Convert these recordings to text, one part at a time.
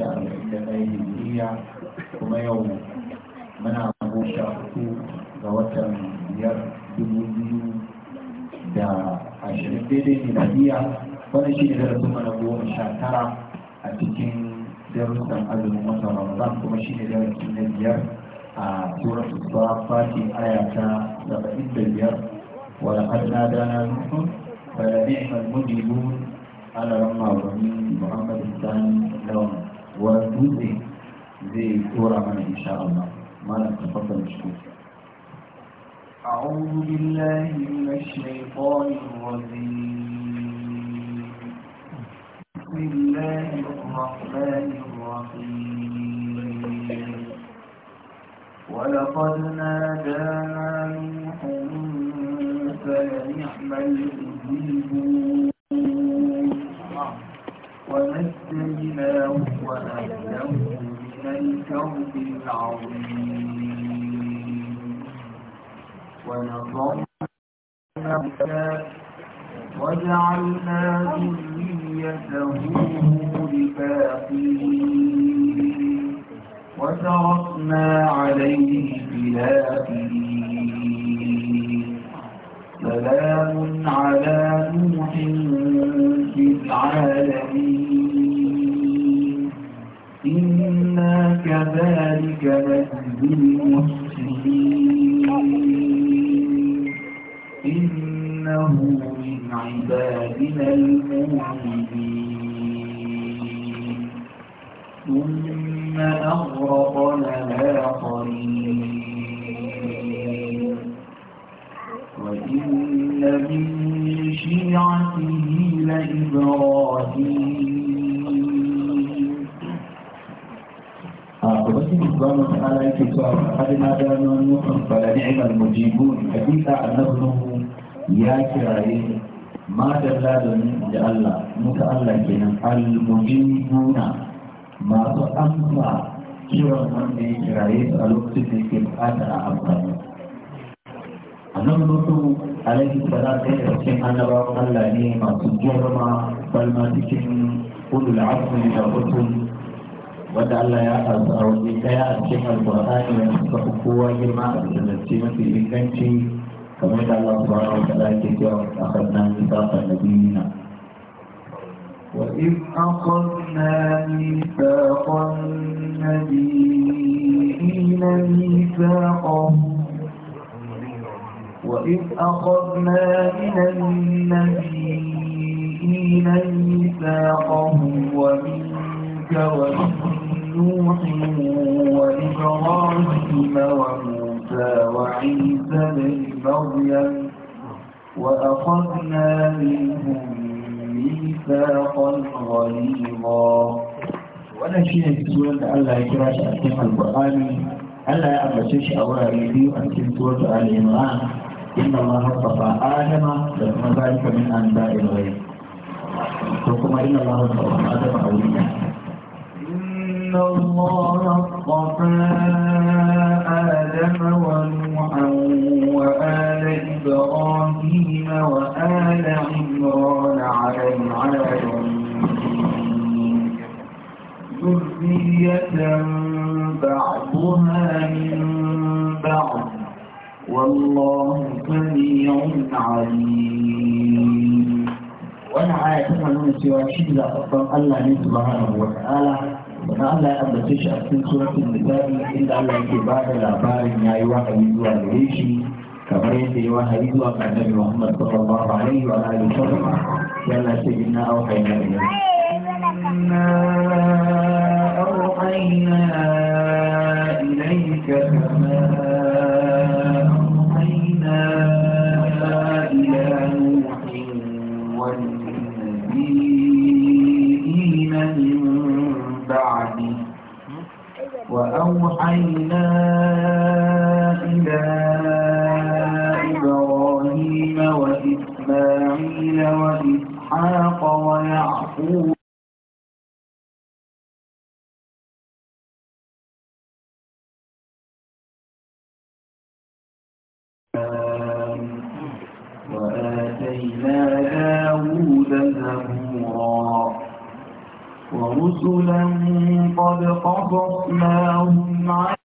da arba'in da ɗaya hijiriya kuma yau muna abu sha uku ga watan biyar dubu biyu da ashirin daidai miladiya wannan shi ne darasin mana goma sha tara a cikin darussan azumin watan ramadan kuma shi ne darasi na biyar a suratu fati aya ta saba'in da biyar wani laqad nadana nuhun fa la ni'mal mujibun ala ramma wa min muhammadin lawan wani dutse zai إن شاء الله ما لك تفضل cikin أعوذ بالله من الشيطان الرجيم بسم الله الرحمن الرحيم ولقد نادانا نوح فلنعم المجيبون من العظيم وجعلنا ذريته هم الباقين وتركنا عليه في الآخرين سلام على نوح في العالمين إنا كذلك نهدي المحسنين إنه من عبادنا المؤمنين ثم أغرقنا الآخرين إن من شيعته لإبراهيم وبسم سبحانه وتعالى يكتب قد نادى نوح فلنعم المجيبون حديث أنه يا كرائم ما دل دون الله متألق المجيبون ما تأمسى كيرا من يكرائم الوقت في كبقات أعبانه annabi musu alaihi salam ɗaya da cikin annabawan Allah ne masu girma balma cikin ulul azmi da mutum wanda Allah ya fasu a waje ɗaya a cikin alƙur'ani da suka fi kowa girma a zalunci mafi inganci kamar da Allah subhanahu wa ta'ala ke cewa a kannan misafan da biyina. وإذ أخذنا ميثاق النبيين ميثاقهم وإذ أخذنا من النبيين ميثاقهم ومنك ومن نوح وإبراهيم وموسى وعيسى بن مريم وأخذنا منهم ميثاقا غليظا wannan shi ne surar da Allah ya kira shi a cikin alƙur'ani Allah ya ambace shi a wurare biyu a cikin surar da Ali Imran inna Allah hasafa adama da kuma zalika min an da'il ghaib to kuma inna Allah hasafa adama a wuri inna Allah ya. shi zaɓaɓɓen Allah ne subhanahu wa ta'ala wani Allah ya ambace shi a cikin suratul nisa'i inda Allah yake ba da labarin yayi wahayi zuwa gare shi kamar yadda ya wahayi zuwa ga Annabi Muhammad sallallahu alaihi wa alihi wa sallam yana ce inna auhayna ilayka inna auhayna ilayka kama وأوحينا إلى إبراهيم وإسماعيل وإسحاق ويعقوب Uh... ورسلا قد قصصناهم عليك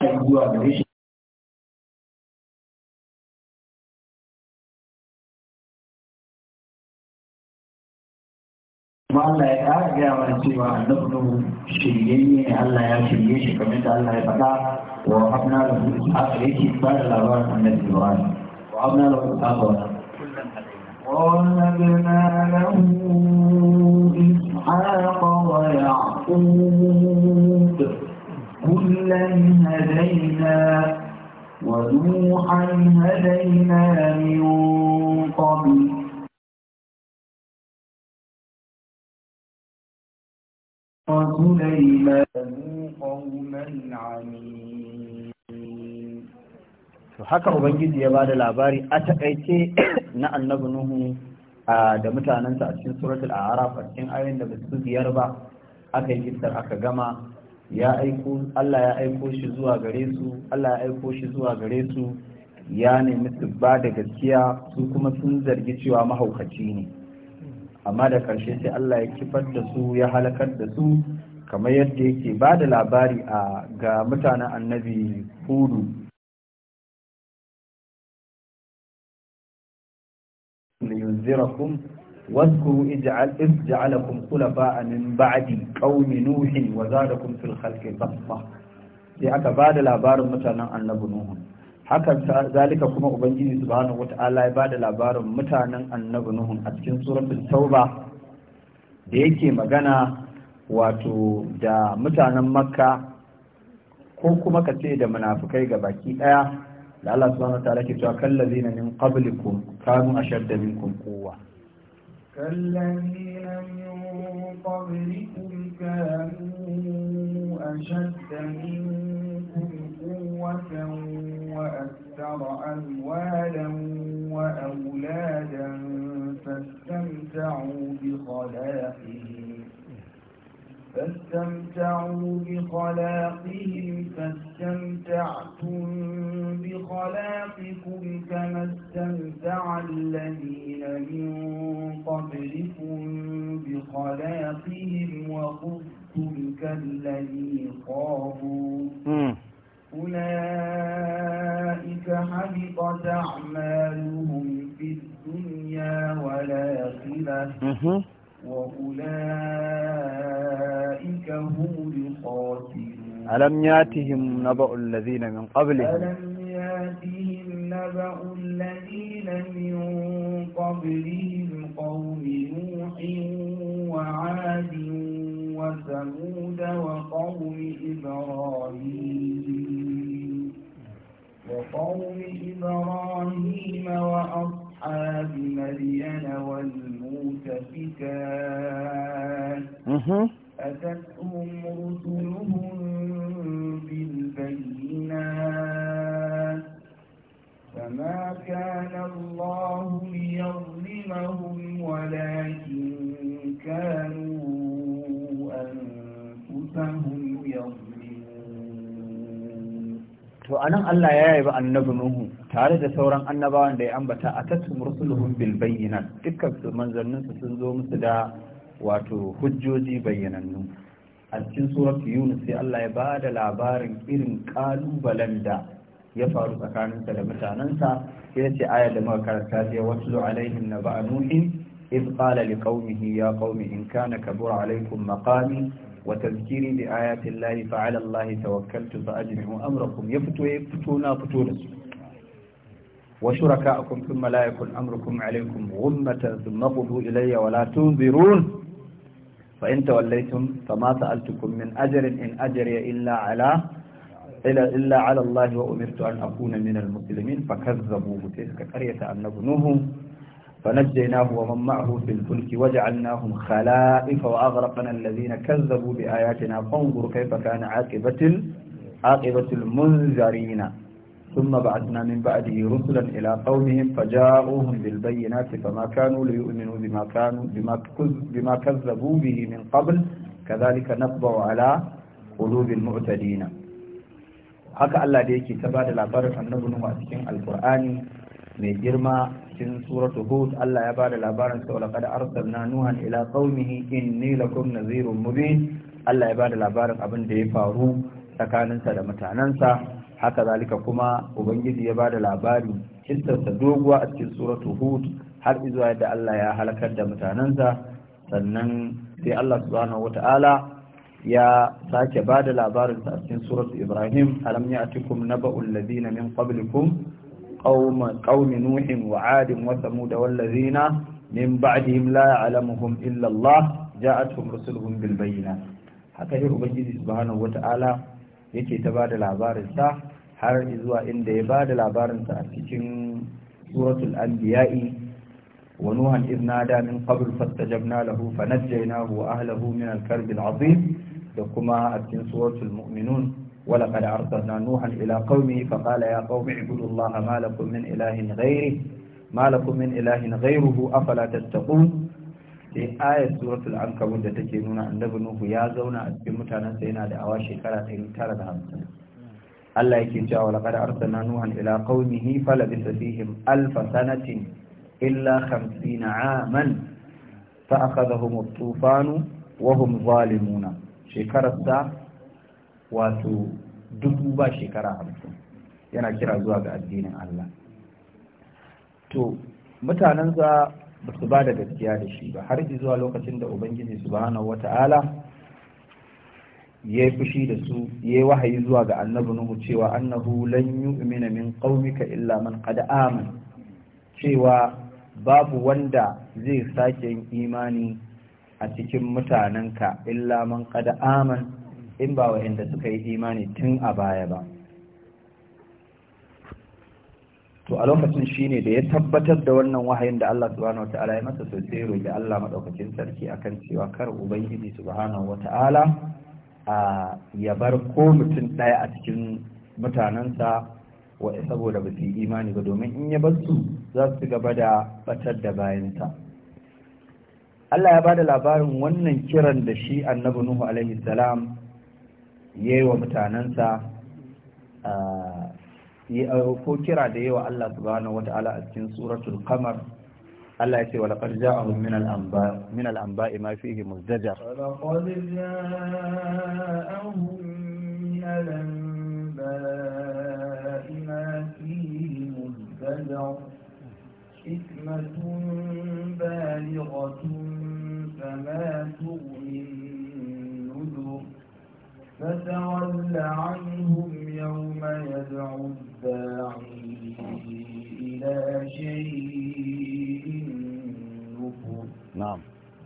and you gaya mana cewa annabnu shiryayye ne Allah ya shirye shi kamar da Allah ya faɗa wa habna lahu ishaqa yake ba da labarin annabi Ibrahim wa habna lahu ishaqa wa ووهبنا له إسحاق ويعقوب كلا هدينا ونوحا هدينا من قبل وسليمان haka ubangiji ya ba da labari a takaice na annabi nuhu da mutanensa a cikin suratul a'raf a cikin ayoyin da basu biyar ba aka yi kissar aka gama ya aiko Allah ya aiko shi zuwa gare su Allah ya aiko shi zuwa gare su ya nemi su ba da gaskiya su kuma sun zargi cewa mahaukaci ne amma da ƙarshe sai Allah ya kifar da su ya halakar da su kamar yadda yake ba da labari a ga mutanen annabi hudu liyunzirakum واذكروا إذ جعلكم خلفاء من بعد قوم نوح وزادكم في الخلق بسطة sai aka ba da labarin mutanen annabi Nuhu hakan zalika kuma ubangiji subhanahu wata'ala ya bada labarin mutanen annabi nuhun a cikin suratul tauba da yake magana wato da mutanen makka ko kuma ka ce da munafukai ga baki daya da Allah subhanahu wataala ke cewa kallazina min qablikum kanu ashadda minkum quwwa kallazina min qablikum kanu ashadda minkum قوة وأكثر أموالا وأولادا فاستمتعوا بخلاقهم فاستمتعوا بخلاقهم فاستمتعتم بخلاقكم كما استمتع الذين من قبلكم بخلاقهم وخذتم كالذي خابوا أولئك حبطت أعمالهم في الدنيا والآخرة وأولئك هم الخاسرون ألم ياتهم نبأ الذين من قبلهم ألم ياتهم نبأ الذين من قبلهم قوم نوح وعاد وثمود وقوم إبراهيم وقوم إبراهيم وأصحاب مدين والمؤتفكات أتتهم رسلهم بالبينات فما كان الله ليظلمهم ولكن كانوا to anan Allah ya yi ba annabi Nuhu tare da sauran annabawan da ya ambata a tatum rusuluhum bil bayyana, dukkan su manzannin su sun zo musu da wato hujjoji bayyanannu a cikin surat Yunus sai Allah ya ba da labarin irin kalubalen da ya faru tsakaninsa da mutanensa ya ce ayar da muka karanta ya wasu alaihim naba'a nuhin إذ قال لقومه يا قوم إن كان كبر alaikum مقامي وتذكيري بآيات الله فعلى الله توكلت فأجمعوا أمركم يفتو يفتونا فتونس وشركاءكم ثم لا يكن أمركم عليكم غمة ثم قضوا إلي ولا تنذرون فإن توليتم فما سألتكم من أجر إن أجري إلا على إلا على الله وأمرت أن أكون من المسلمين فكذبوه تلك قرية أن نبنوه فنجيناه ومن معه في الفلك وجعلناهم خلائف وأغرقنا الذين كذبوا بآياتنا فانظر كيف كان عاقبة عاقبة المنذرين ثم بعثنا من بعده رسلا إلى قومهم فجاءوهم بالبينات فما كانوا ليؤمنوا بما كانوا بما كذبوا به من قبل كذلك نطبع على قلوب المعتدين haka Allah da yake ta bada labarin annabi Nuhu a cikin Alkur'ani mai girma cikin suratu hud Allah ya bada labarin sa wala qad arsalna nuhan ila qaumihi inni lakum nadhirun mubin Allah ya bada labarin abin da ya faru tsakaninsa da mutanansa haka zalika kuma ubangiji ya bada labari kissarsa doguwa a cikin suratu hud har izuwa yadda Allah ya halakar da mutanansa sannan sai Allah subhanahu wata'ala ya sake bada labarin sa a cikin suratu ibrahim alam ya'tikum naba'ul ladina min qablikum قوم قوم نوح وعاد وثمود والذين من بعدهم لا يعلمهم إلا الله جاءتهم رسلهم بالبينات haka dai ubangiji subhanahu wata'ala yake ta ba labarin sa har zuwa inda ya bada labarin sa a cikin suratul anbiya'i wa nuhan idnada min qabl fastajabna lahu fanajjaynahu wa ahlihi min al-karbi al-'azim da kuma a cikin suratul mu'minun ولقد أرسلنا نوحا إلى قومه فقال يا قوم اعبدوا الله ما لكم من إله غيره ما لكم من إله غيره أفلا تتقون suratul ankabut da take nuna annabi nuhu ya zauna a cikin mutanen sa yana da awa shekara 950 Allah yake cewa laqad arsalna nuhan ila qaumihi falabisa fihim alf illa 50 aman fa zalimuna shekarar sa wato dubu ba shekara hamsin yana kira zuwa ga addinin Allah to mutanensa ba su ba da gaskiya da shi ba har zuwa lokacin da ubangiji subhanahu wata'ala ya yi fushi da su ya yi wahayi zuwa ga annabi nuhu cewa annahu lan yu'mina min qaumika illa man qad amana cewa babu wanda zai sake yin imani a cikin mutanenka illa man qad amana in ba wa'inda suka yi imani tun a baya ba to a lokacin shi ne da ya tabbatar da wannan wahayin da Allah subhanahu ta'ala ya masa sosai ya roƙi Allah maɗaukacin sarki a kan cewa kar ubangiji subhanahu wa a ya bar ko mutum ɗaya a cikin mutanensa wa saboda ba su yi imani ba domin in ya bar su za su gaba da batar da bayanta Allah ya ba da labarin wannan kiran da shi annabi Nuhu alaihi salam yewa wa a ko kira da yawa Allah subhanahu wata'ala a cikin suratul qamar Allah ya ce wa laqad ja'ahum min al-anba min al anba ma fihi muzdajar laqad ja'ahum min al-anba'i ma fihi muzdajar hikmatun balighah fama tughni فتول عنهم يوم يدعو الداعي إلى شيء نفر نعم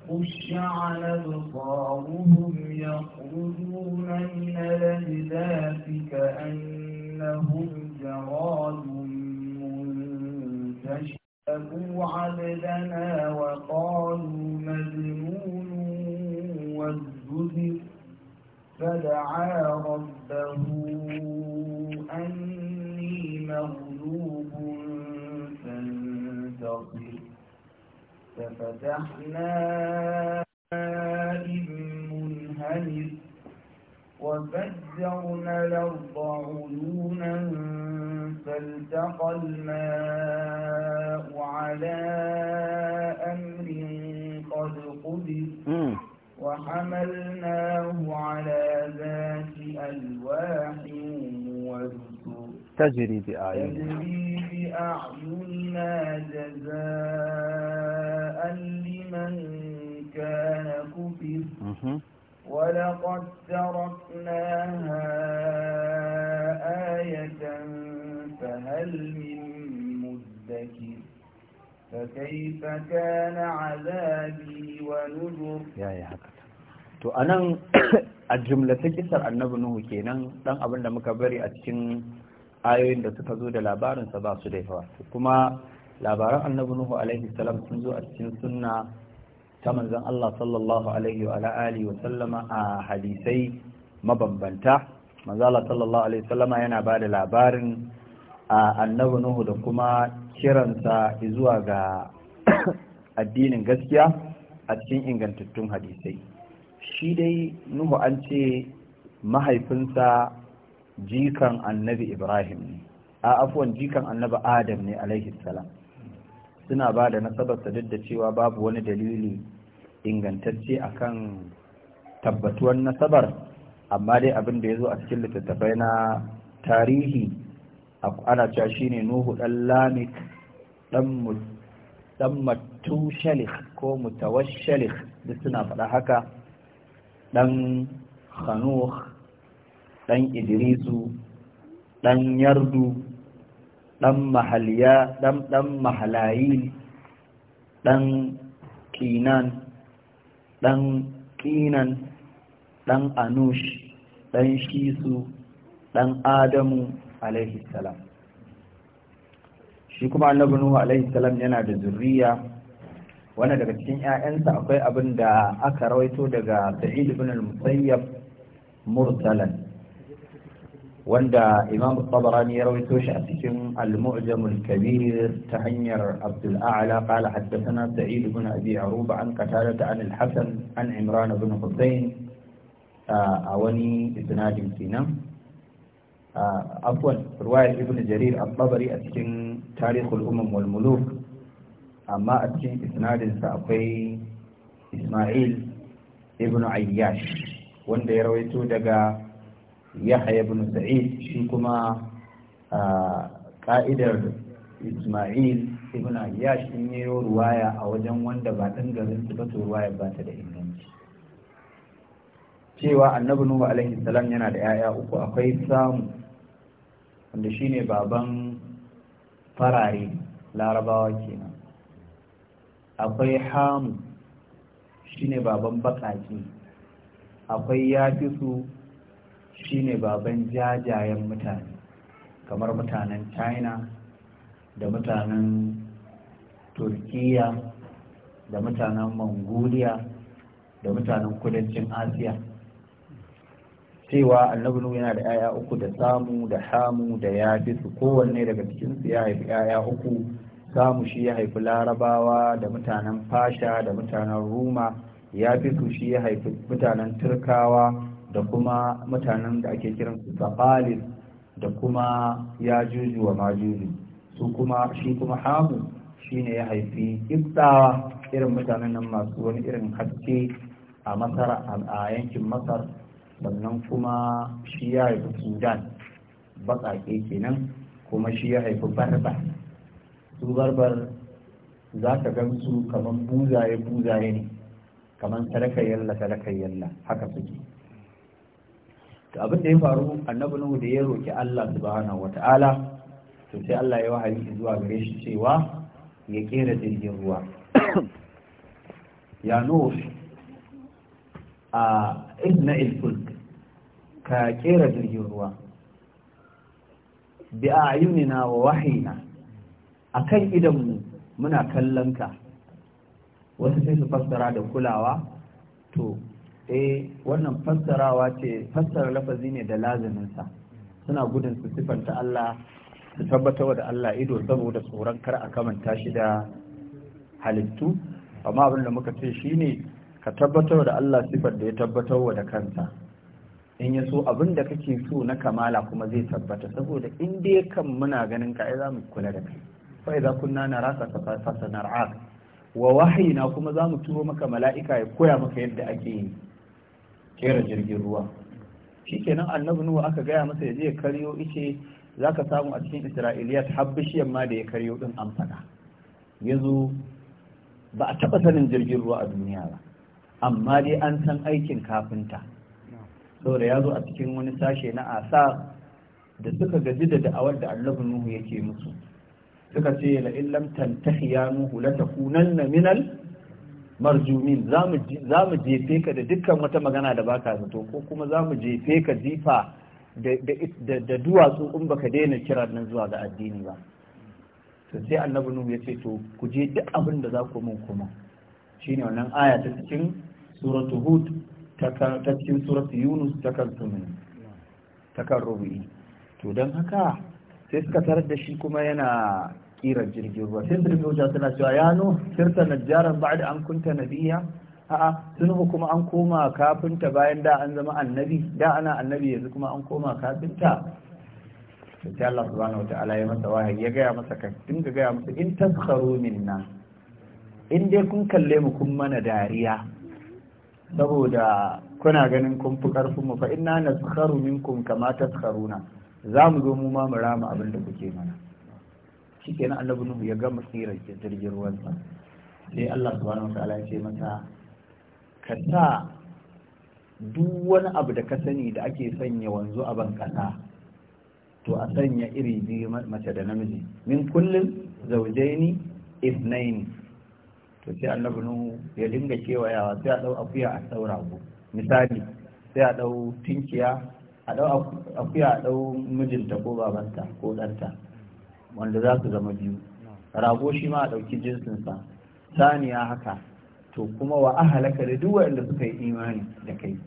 خش على أبصارهم يخرجون من الأجداث كأنهم جراد منتشر عبدنا وقالوا مجنون وازدجر فدعا ربه أني مغلوب فانتصر ففتحنا إذ منهمر وفجرنا الأرض عيونا فالتقى الماء على أمر قد قدر وحملناه على ذات ألواح وذكر تجري بأعيننا تجري بأعيننا جزاء لمن كان كفر ولقد تركناها آية فهل فكيف كان عذابي ونذر يا يا حكا to anan a jumlatan kisar annabi nuhu kenan dan abin da muka bari a cikin ayoyin da suka zo da labarinsa ba su da yawa kuma labaran annabi nuhu alaihi salam sun zo a cikin sunna ta manzon Allah sallallahu alaihi wa alihi wa sallama a hadisai mabambanta manzo Allah sallallahu alaihi wa sallama yana ba da labarin A annabi nuhu da kuma kiransa zuwa ga addinin gaskiya a cikin ingantattun hadisai shi dai nuhu an ce mahaifinsa jikan annabi ibrahim ne a afuwan jikan annabi adam ne alaihi salam suna ba da nasabar duk da cewa babu wani dalili ingantacce a kan tabbatuwar nasabar amma dai abin da ya zo a cikin littattafai na tarihi ana cewa shine nuhu dan lamit dan matu shalikh ko mutawashalikh da suna faɗa haka dan khanuh dan idrisu dan yardu dan mahaliya dan dan dan kinan dan kinan dan anush dan shisu dan adamu alaihi salam shi kuma annabi nuhu alaihi salam yana da zuriya wanda daga cikin ƴaƴansa akwai abin da aka rawaito daga sa'id ibn al-musayyab mursalan wanda imam tabarani ya rawaito shi a cikin al-mu'jam al-kabir ta hanyar abdul a'la qala haddathana sa'id ibn abi aruba an qatada an al-hasan an imran ibn husayn a wani isnadin kenan afwan ruwayar ibn jarir al-tabari a cikin tarihul umam wal muluk amma a cikin isnadin sa akwai isma'il ibn ayyash wanda ya rawaito daga yahya ibn sa'id shi kuma ka'idar isma'il ibn ayyash in yi ruwaya a wajen wanda ba ɗan garin su ba to ruwaya ba ta da inganci cewa annabi nuhu alaihi salam yana da 'ya'ya uku akwai samu wanda shi ne baban farare larabawa kenan akwai hamu ne baban bakaki akwai yafisu ne baban jajayen mutane kamar mutanen china da mutanen turkiya da mutanen mongolia da mutanen kudancin asiya cewa annabi nuhu yana da yaya uku da samu da hamu da yafisu kowanne daga cikinsu ya haifi yaya uku samu shi ya haifi larabawa da mutanen fasha da mutanen ruma yafisu shi ya haifi mutanen turkawa da kuma mutanen da ake kiransu safalis da kuma ya juju wa majuju su kuma shi kuma hamu shi ne ya haifi ibtsawa irin mutanen nan masu wani irin haske a masar a yankin masar sannan kuma shi ya haifi sudan baƙaƙe kenan kuma shi ya haifi barbar su barbar za ka gamsu kamar buzaye buzaye ne kamar sadaka yalla sadaka yalla haka suke to abin da ya faru annabi nuhu da ya roki Allah subhanahu wata'ala to sai Allah ya wahayi zuwa gare shi cewa ya kera jirgin ruwa ya nuhu a izna ilfulk ka kera jirgin ruwa bi a yunina wa wahina a kan idanmu muna kallon ka wasu sai su fassara da kulawa to eh wannan fassarawa ce fassara lafazi ne da laziminsa suna gudun su siffanta Allah su tabbatar da Allah ido saboda tsoron kar a kamanta shi da halittu amma abin da muka ce shine ka tabbatar da Allah sifar da ya tabbatar wa da kanta. in ya so abin da kake so na kamala kuma zai tabbata saboda in dai kan muna ganin ka ai za mu kula da kai fa idza kunna naraka fa fasa nar'ak wa wahayina kuma za mu turo maka mala'ika ya koya maka yadda ake yi kera jirgin ruwa shikenan annabi nuhu aka gaya masa ya je ya karyo ice zaka samu a cikin isra'iliyat har bishiyar ma da ya karyo din an yazo zo ba a taɓa sanin jirgin ruwa a duniya ba amma dai an san aikin kafinta saboda ya zo a cikin wani sashe na asa da suka gaji da da'awar da allahu nuhu yake musu suka ce la illam tantahi ya nuhu la takunanna minal marjumin za mu jefe ka da dukkan wata magana da baka zato ko kuma za mu jefe ka jifa da duwatsu in baka daina kiran nan zuwa ga addini ba to sai annabi nuhu ya ce to ku je duk abin da za ku mun kuma shine wannan aya ta cikin suratu hud ta cikin suratu yunus ta kan ta kan to don haka sai suka tarar da shi kuma yana kira jirgin ruwa sai su rubuta suna cewa ya no sirta najjaran ba'da an kunta nabiya a'a sun kuma an koma kafinta bayan da an zama annabi da ana annabi yanzu kuma an koma kafinta to sai Allah subhanahu wataala ya masa wahayi ya gaya masa ka dinga gaya masa in taskharu minna in dai kun kalle mu kun mana dariya saboda kuna ganin kun fi karfin mu fa inna naskharu minkum kama taskharuna za mu zo mu ma mu rama abin da kuke mana shikenan annabi nuhu ya gama ke jirgin sa. sai Allah subhanahu wa ta'ala ya ce mata. ka sa duk wani abu da ka sani da ake sanya wanzu a ban to a sanya iri biyu mace da namiji min kullum zaujaini ibnaini to sai annabi nu ya dinga kewayawa sai a dau akuya a dau go misali sai a dau tinkiya a dau akuya a dau mijinta ko babanta ko ɗanta wanda za su zama biyu rago shi ma a ɗauki jinsinsa saniya haka to kuma wa ahalaka da duk waɗanda suka yi imani da kai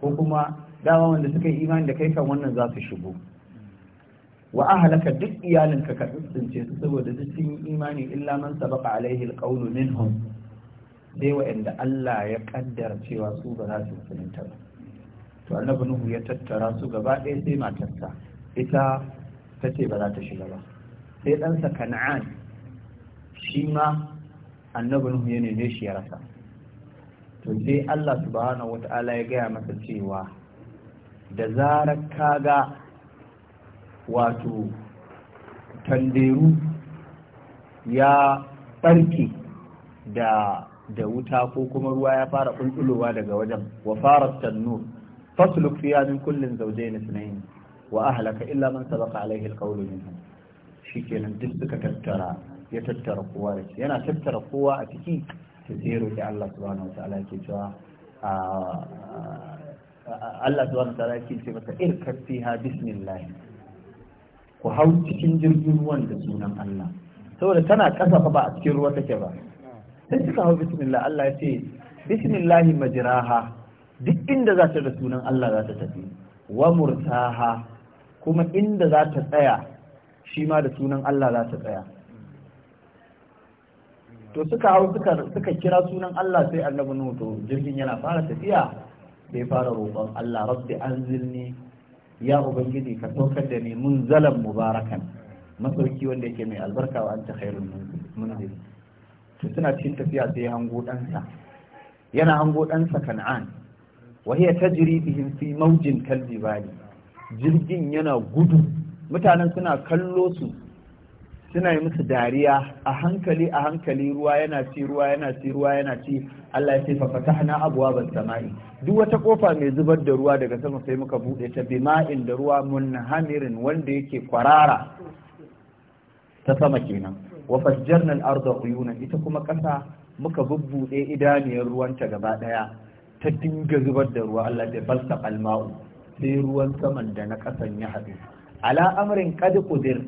ko kuma dama wanda suka yi imani da kai kan wannan za su shigo wa ahlaka duk iyalin ka tsince su saboda duk sun yi imani illa man sabaqa alaihi alqawlu minhum sai wa'anda Allah ya kaddara cewa su ba za su musulunta ba to annabi nuhu ya tattara su gaba ɗaya sai matarsa ita ta ce ba za ta shiga ba sai ɗansa kan'an shi ma annabi nuhu ya neme shi ya rasa to sai Allah subhanahu wata'ala ya gaya masa cewa da zarar kaga wato tanderu ya ɓarke da da wuta ko kuma ruwa ya fara kulkulowa daga wajen wa fara tannur fasluk fiya min kullin zawjayn ithnayn wa ahlaka illa man sabaqa alayhi alqawl minhum shikenan duk suka tattara ya tattara kowa da yana tattara kowa a ciki ta zero da Allah subhanahu wa ta'ala yake cewa ah, ah, ah, Allah subhanahu wa ta'ala yake ce masa irkab fiha bismillah ku hau cikin jirgin ruwan da sunan Allah saboda tana ƙasa fa ba a cikin ruwa take ba sai suka hau bismillah Allah ya ce bismillah majraha duk inda za ta da sunan Allah za ta tafi wa murtaha kuma inda za ta tsaya shi ma da sunan Allah za ta tsaya to suka hau suka suka kira sunan Allah sai annabi nuhu to jirgin yana fara tafiya sai fara roƙon Allah rabbi anzilni ya ubangiji ka saukar da ni mun zalan mubarakan masauki wanda yake mai albarka wa anta khairul munzil to suna cikin tafiya sai hango ɗansa yana hango ɗansa kan'an wa hiya tajri bihim fi mawjin kalbi bali jirgin yana gudu mutanen suna kallo su suna yi musu dariya a hankali a hankali ruwa yana ci ruwa yana ci ruwa yana ci Allah ya ce fa fatahna abwaabas samai duk wata kofa mai zubar da ruwa daga sama sai muka bude ta bima'in da ruwa munhamirin wanda yake kwarara ta sama kenan wa fajjarna al-arda uyunan ita kuma kasa muka bubbude idaniyar ruwanta gaba daya ta dinga zubar da ruwa Allah ya al alma'u sai ruwan saman da na kasan ya haɗu ala amrin qad qudir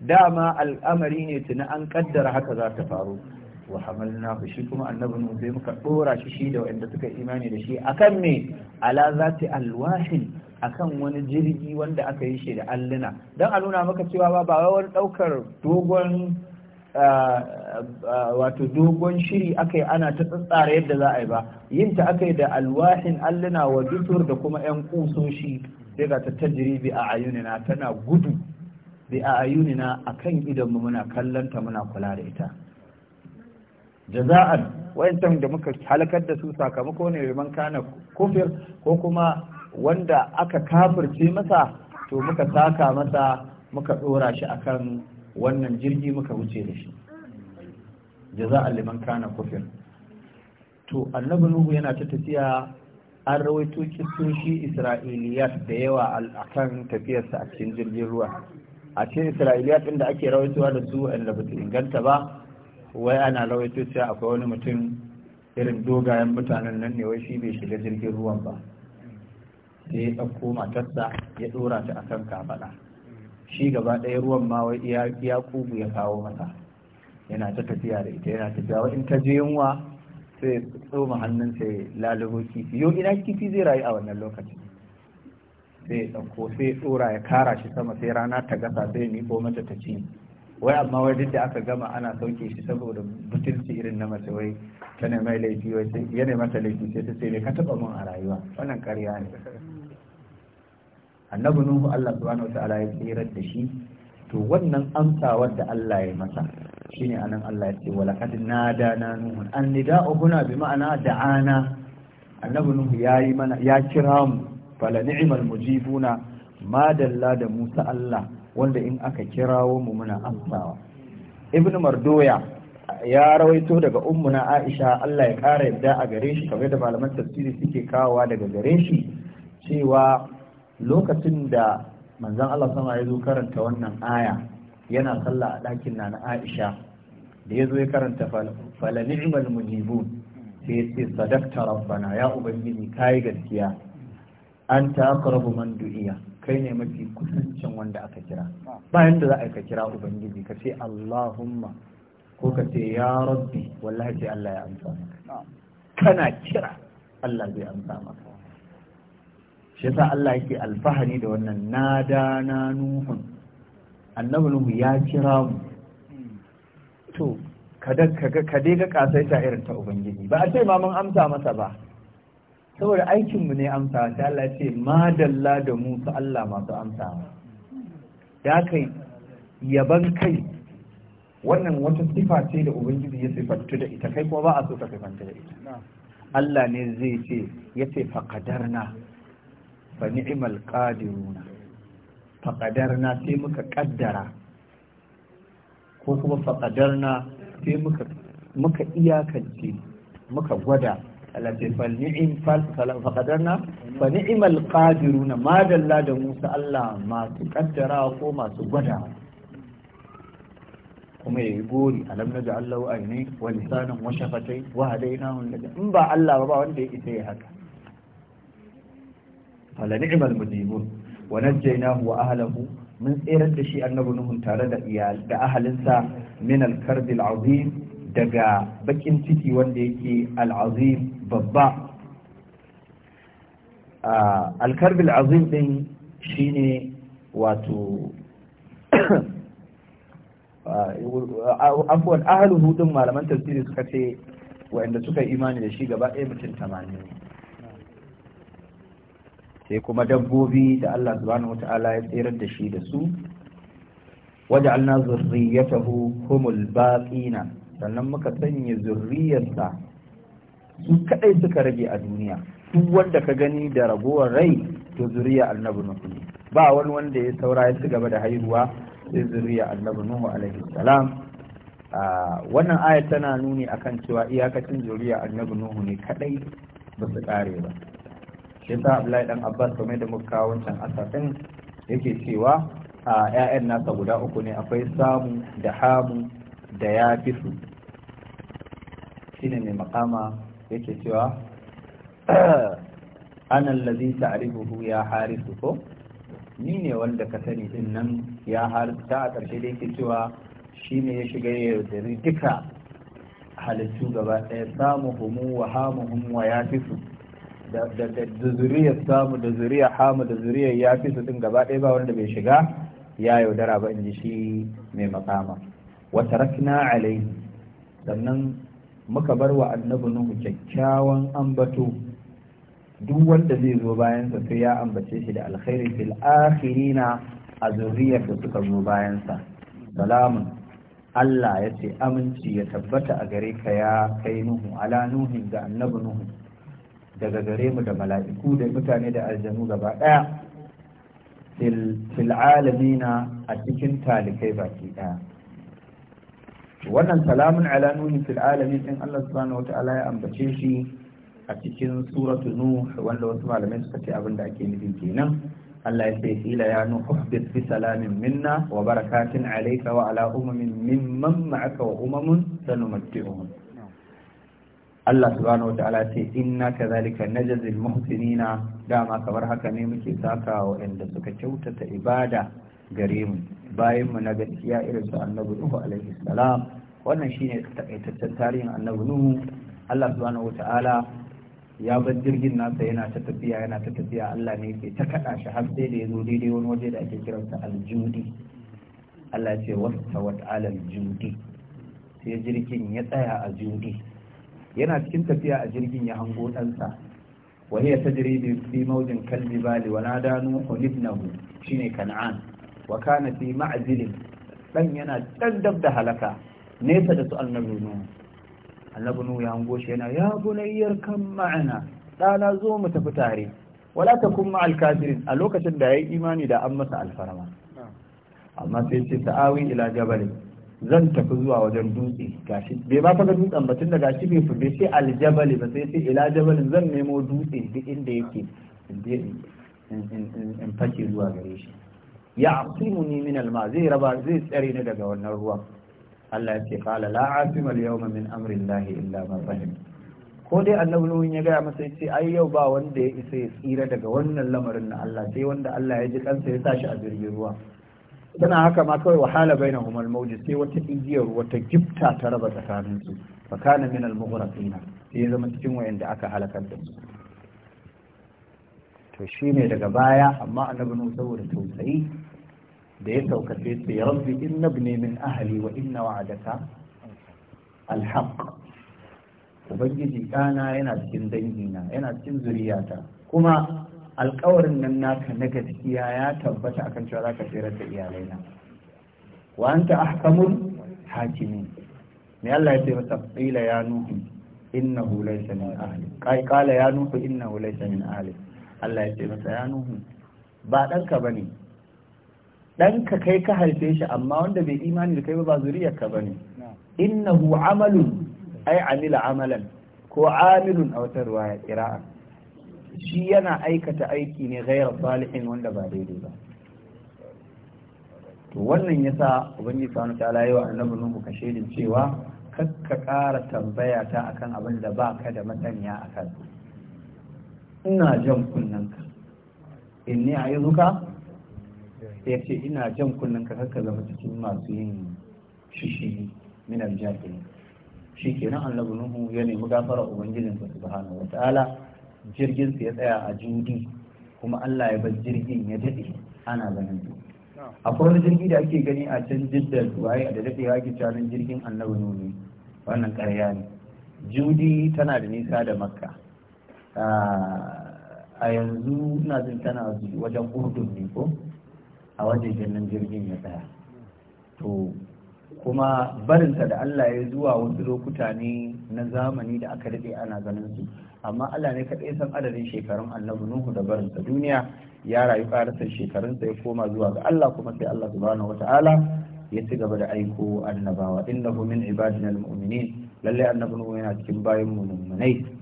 dama al'amari ne tuni an kaddara haka za ta faru wa hamalnahu shi kuma annabi nuhu sai muka dora shi shi da wanda suka imani da shi akan me ala zati alwahin akan wani jirgi wanda aka yi shi da alluna dan a nuna maka cewa ba ba wani daukar dogon wato dogon shiri aka yi ana ta tsatsara yadda za a yi ba yin ta aka yi da alwahin alluna wa dutur da kuma yan kusoshi sai ga ta tajribi a ayunina tana gudu bi a ayunina a kan idonmu muna kallonta muna kula da ita jaza'an wayancan da muka halakar da su sakamako ne man kana kufir ko kuma wanda aka kafirce masa to muka saka masa muka dora shi akan wannan jirgi muka wuce da shi jaza'an liman kana kufir to annabi nuhu yana ta tafiya an rawaito kistoshi isra'iliyat da yawa akan tafiyarsa a cikin jirgin ruwa a cikin isra'iliya ɗin da ake rawaitowa da su wanda ba su inganta ba wai ana rawaito cewa akwai wani mutum irin dogayen mutanen nan ne wai shi bai shiga jirgin ruwan ba sai ya ɗauko matarsa ya ɗora ta kan kafaɗa shi gaba ɗaya ruwan ma wai iya kugu ya kawo mata yana ta tafiya da ita yana tafiya wa in ta je yunwa sai ya tsoma hannunsa ya lalubo kifi yau ina kifi zai rayu a wannan lokacin sai ya ɗauko sai ya tsora ya kara shi sama sai rana ta gasa sai ni ko mata ta ci wai amma wai duk da aka gama ana sauke shi saboda butulci irin na mace wai ta mai laifi wai ya ne mata laifi sai ta sai ne ka taɓa mun a rayuwa wannan ƙarya ne annabi nuhu Allah subhanahu wa ta'ala ya tsirar da shi to wannan amsa da Allah ya masa shine anan Allah ya ce walaqad na nuhu an nida'u huna bi ma'ana da'ana annabi nuhu mana ya kira mu fala ni'mal mujibuna madalla da Musa Allah wanda in aka kirawo mu muna amsawa ibn mardoya ya rawaito daga ummuna aisha Allah ya kara yadda a gare shi kamar da malaman tafsiri suke kawowa daga gare shi cewa lokacin da manzon Allah sama ya zo karanta wannan aya yana sallah a ɗakin na na aisha da ya zo ya karanta ni'mal mujibun sai ya ce sadakta rabbana ya ubangiji kayi gaskiya an ta karabu man du'iya kai ne mafi kusancin wanda aka kira bayan da za a ka kira ubangiji ka ce allahumma ko ka ce ya rabbi wallahi ce allah ya amsa maka kana kira allah zai amsa maka shi yasa allah yake alfahari da wannan nada na nuhun annabi nuhu ya kira mu to kada ka ga kasaita irin ta ubangiji ba a ce ma mun amsa masa ba saboda aikinmu ne amsa sai Allah ce madalla da mu su Allah masu amsa ya kai yaban kai wannan wata sifa ce da ubangiji ya sifantu da ita kai kuma ba a so ka sifanta da ita Allah ne zai ce ya ce faqadarna fa ni'mal qadiruna faqadarna sai muka kaddara ko kuma faqadarna sai muka muka iyakance muka gwada Allah ce fa ni'im fal falan faqadarna fa ni'mal qadiruna ma dalla da Musa Allah masu kaddara ko masu gwada kuma ya yi gori alam naja Allahu aini wa lisanan wahadai na wani hadainahu in ba Allah ba wanda ya isa ya haka fala ni'mal mujibun wa najjaynahu wa ahlihi mun tsirar da shi annabi nuhun tare da iyal da ahalinsa min al-karbi al-azim daga bakin ciki wanda yake al-azim babba alkarbil azim din shine wato afuwan ahalin hudun malaman tafsiri suka ce waɗanda suka imani da shi gaba ɗaya mutum tamanin sai kuma dabbobi da Allah subhanahu wata'ala ya tserar da shi da su wajen zurriyatahu humul baqina sannan muka sanya zurriyarsa su kadai suka rage a duniya duk wanda ka gani da ragowar rai to zuriya annabi nuhu ne ba wani wanda ya saura ya ci gaba da haihuwa sai zuriya annabi nuhu alaihi salam wannan aya tana nuni akan cewa iyakacin zuriya annabi nuhu ne kadai ba su kare ba shi yasa Abdullahi dan Abbas kamar da muka kawo wancan asasin yake cewa a ƴaƴan nasa guda uku ne akwai samu da hamu da ya yafisu shine mai makama yake cewa ana allazi ta'rifuhu ya harisu ko ni ne wanda ka sani din nan ya harisu ta a ƙarshe da yake cewa shi ne ya shiga ya yaudari duka halittu gaba ɗaya samu humu wa hamuhum wa ya fi su da zuriyar samu da zuriyar hamu da zuriyar ya fi su din gaba ɗaya ba wanda bai shiga ya yaudara ba in ji shi mai makama wata rakna alai sannan muka bar wa annabi nuhu kyakkyawan ambato duk wanda zai zo bayansa sai ya ambace shi da alkhairi fil akhirina a zuriyar da suka zo bayansa salamun Allah ya ce aminci ya tabbata a gare ka ya kai nuhu ala nuhin ga annabi nuhu daga gare mu da mala'iku da mutane da aljanu gaba daya fil alamina a cikin talikai baki daya wannan salamun ala nuhi fil alamin din Allah subhanahu wata'ala ya ambace shi a cikin suratu nuh wanda wasu malamai suka ce abin da ake nufin kenan Allah ya ce ila ya nuh uhbit bi salamin minna wa barakatin alayka wa ala umamin mimman ma'aka wa umamun sanumatti'uhum Allah subhanahu wata'ala ce inna kadhalika najzil muhsinina dama kamar haka ne muke saka wa inda suka kyautata ibada gare mu bayan mu na gaskiya irin su annabi nuhu alaihi salam wannan shine takaitaccen tarihin annabi nuhu Allah subhanahu wata'ala ya bar jirgin nasa yana ta tafiya yana ta tafiya Allah ne ke ta kaɗa shi har sai da ya zo daidai wani waje da ake kiransa aljudi Allah ce wasta wa alal judi sai jirgin ya tsaya a judi yana cikin tafiya a jirgin ya hango ɗansa وهي maujin kalbi bali كالجبال Danu, نوح ibnahu shine kan'an wa kana fi ma'zilin dan yana dan da halaka nesa da su annabi nu annabi nu ya hango shi yana ya bunayyar kan ma'ana dana zo mu tafi tare wala takun ma'al kafirin a lokacin da yayi imani da an masa alfarma amma sai ce ta'awi ila jabal zan tafi zuwa wajen dutse gashi bai ba faga dutsen ba tunda gashi bai fi bai sai aljabali ba sai sai ila jabalin zan nemo dutse duk inda yake in fake zuwa gare shi ya asimuni min alma zai raba zai tsare ni daga wannan ruwa. Allah ya ce qala la asima yawma min amri llahi illa ma fahim ko dai annabi ya gaya masa ya ai yau ba wanda ya isa ya tsira daga wannan lamarin na Allah sai wanda Allah ya ji kansa ya sa shi a jirgin ruwa tana haka ma kawai wahala baina humal mawji sai wata igiyar wata gifta ta raba tsakanin su fa kana min al mughraqina sai zama cikin wayanda aka halakar da su to ne daga baya amma annabi nuhu saboda tausayi da ya sauka sai ce ya rabbi inna ibni min ahli wa inna wa'adaka alhaq ubangiji kana yana cikin dangina yana cikin zuriyata kuma alkawarin nan naka na gaskiya ya tabbata akan cewa za ka tsirar da iyalaina wa anta ahkamul hakimin me Allah ya ce masa qila ya nuhu innahu laysa min ahli qala ya nuhu innahu laysa min ahli Allah ya ce masa ya nuhu ba ɗanka ba ne ɗanka kai ka haife shi amma wanda bai imani da kai ba ba ka ba ne innahu amalun ai amila amalan ko amilun a wata ruwaya kira'a shi yana aikata aiki ne gairar salihin wanda ba daidai ba to wannan yasa ubangiji sanu ta ala yawa annabi nuhu ka shaidin cewa kakka ƙara tambaya ta akan abin da ba ka da a akan ina jan kunnanka ne a zuka? ya ce ina jan kunnanka kanka zama cikin masu yin shishi min aljahil shi nan annabi nuhu ya nemi gafara ubangijin su subhanahu ta'ala jirgin su ya tsaya a judi kuma Allah ya bar jirgin ya dade ana ganin su akwai wani jirgi da ake gani a can su waye a da dade ya ke jirgin annabi nuhu wannan ƙarya ne judi tana da nisa da makka Ah, a yanzu ina jin tana wajen urdun ne ko a wajen nan jirgin ya tsaya to kuma barinta da Allah ya zuwa wasu lokuta ne na zamani da aka daɗe ana ganin su amma Allah ne kaɗai san adadin shekarun annabi Nuhu da barinsa duniya ya rayu ƙarasar shekarunsa ya koma zuwa ga Allah kuma sai Allah subhanahu ta'ala ya ci gaba da aiko annabawa innahu min ibadina al-mu'minin lalle annabi Nuhu yana cikin bayan mu mu'minai